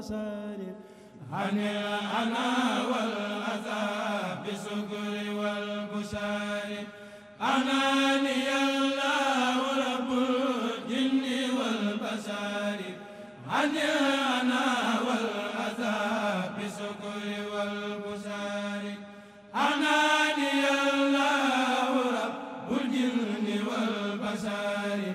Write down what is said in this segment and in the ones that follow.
الأسار عن الأنا والأذى بالشكر والبشار أناني الله رب الجن والبشر عن الأنا والأذى بالشكر والبشار أناني الله رب الجن والبشر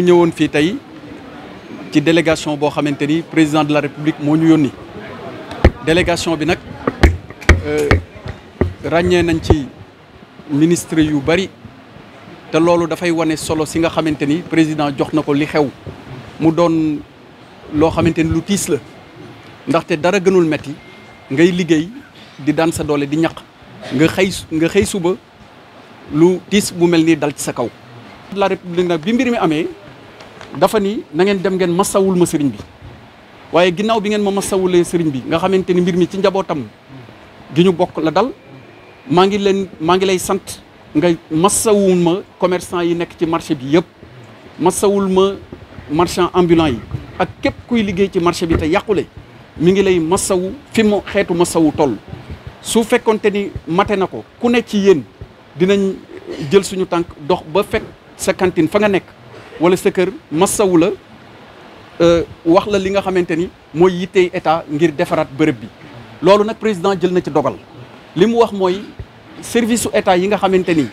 ñëwoon fii tey ci délégation boo xamante ni président de la république moo ñu yónni délégation bi nag euh, ràññee nañ ci ministre yu bari te loolu dafay wane solo si nga xamante ni président jox na ko li xew mu doon loo xamante ni lu tiis la ndaxte dara gënul metti ngay liggéey di daan sa doole di ñaq nga xëy nga xëy suba lu tiis bu mel nii dal ci sa kaw. la république nag bi mbir mi amee. dafa ni na ngeen dem ngeen masawul ma sëriñ bi waaye ginnaaw bi ngeen ma masawulee sëriñ bi nga xamante ni mbir mi ci njabootam gi ñu bokk la dal maa ngi leen maa ngi lay sant nga masawul ma commerçant yi nekk ci marché bi yëpp masawul ma marchand ambulant yi ak képp kuy liggéey ci marché bi te yàqule mi ngi lay masawu fi mu xeetu masawu toll su fekkoonte ni mate na ko ku ne ci yéen dinañ jël suñu tànk dox ba fekk sa cantine fa nga nekk wala sa kër massawu la euh, wax la li nga xamante ni mooy yittey état ngir defaraat bërëb bi loolu nag président jël na ci dogal li mu wax mooy service su état yi nga xamante ni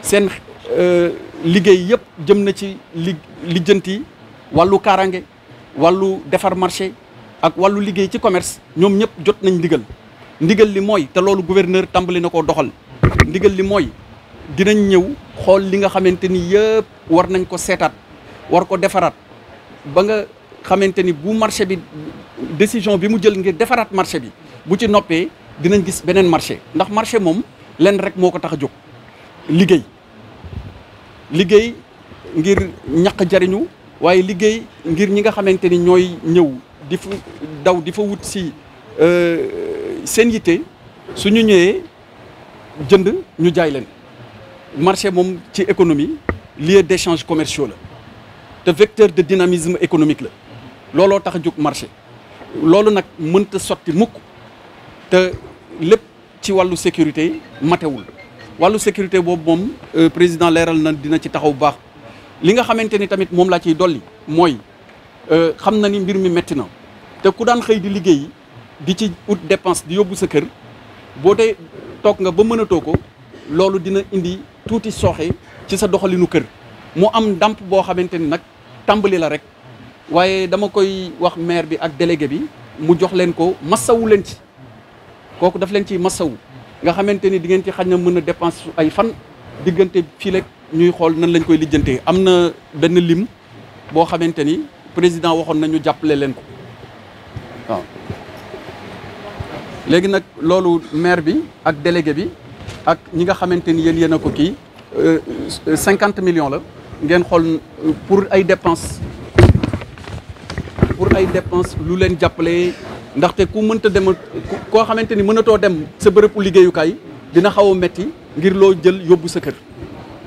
seen euh, liggéey yëpp jëm na ci li lijjanti wàllu kaaraange wàllu defar marché ak wàllu liggéey ci commerce ñoom ñëpp jot nañ ndigal ndigal li mooy te loolu gouverneur tàmbali na ko doxal ndigal li mooy dinañ ñëw xool li nga xamante ni yëpp war nañ ko seetaat war ko defaraat ba nga xamante ni bu marché bi décision bi mu jël ngir defaraat marché bi bu ci noppee dinañ gis beneen marché ndax marché moom lenn rek moo ko tax a jóg liggéey liggéey ngir ñaq jariñu waaye liggéey ngir ñi nga xamante ni ñooy ñëw di fu daw di fa wut si euh, seen yitte su ñu ñëwee jënd ñu jaay leen marché moom ci économie lieu d'échange commerciaux la te vecteur de dynamisme économique la looloo tax a jóg marché loolu nag mënta sotti mukk te lépp ci wàllu sécurité matewul wàllu sécurité boobu moom euh, président leeral na dina ci taxaw baax li nga xamante ni tamit moom laa ciy dolli mooy euh, xam na ni mbir mi metti na te ku daan xëy di liggéey di ci ut dépense di yóbbu sa kër boo dee toog nga ba mënatoo ko loolu dina indi tuuti sooxe ci sa doxalinu kër mu am ndàmp boo xamante ni nag tàmbali la rek waaye dama koy wax maire bi ak délégué bi mu jox leen ko massawu leen ci kooku daf leen ci massawu nga xamante ni di ngeen ci xaj na mën a dépense ay fan diggante fii rek ñuy xool nan lañ koy lijjantee am na benn lim boo xamante ni président waxoon nañu jàppale leen ko waaw léegi nag loolu maire bi ak délégué bi ak ñi nga xamante ni yéen yéen ko kii euh, euh, cinquante million la ngeen xool pour ay dépense pour ay dépense lu leen jàppale ndaxte ku mënta dem koo xamante ni mënatoo dem sa bërëbu liggéeyukaay dina xaw a metti ngir loo jël yóbbu sa kër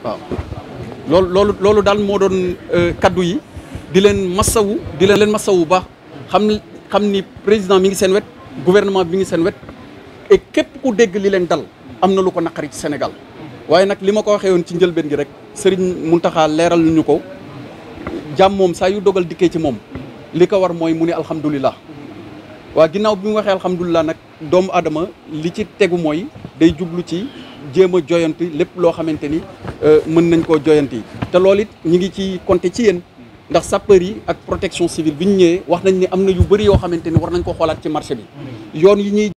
waaw. loolu loolu loolu daal moo doon euh, kaddu yi di leen masawu di leen masawu baax xam xam ni président mi ngi seen wet gouvernement bi ngi seen wet et képp ku dégg li leen dal am na lu ko naqari ci Sénégal. waaye nag li ma ko waxee woon ci njëlbeen gi rek sëriñ Muntaxa leeral ñu ko jàmm moom saa yu dogal dikkee ci moom li ko war mooy mu ne alhamdulilah waa ginnaaw bi mu waxee alhamdulilah nag doomu aadama li ci tegu mooy day jublu ci jéem a joyanti lépp loo xamante ni euh, mën nañ koo joyanti te loolu it ñu ngi ci compter ci yéen ndax sapeur yi ak protection civile bi ñu ñëwee wax nañ ni am na yu bari yoo xamante ni war nañ ko xoolaat ci marché bi yoon yi ñuy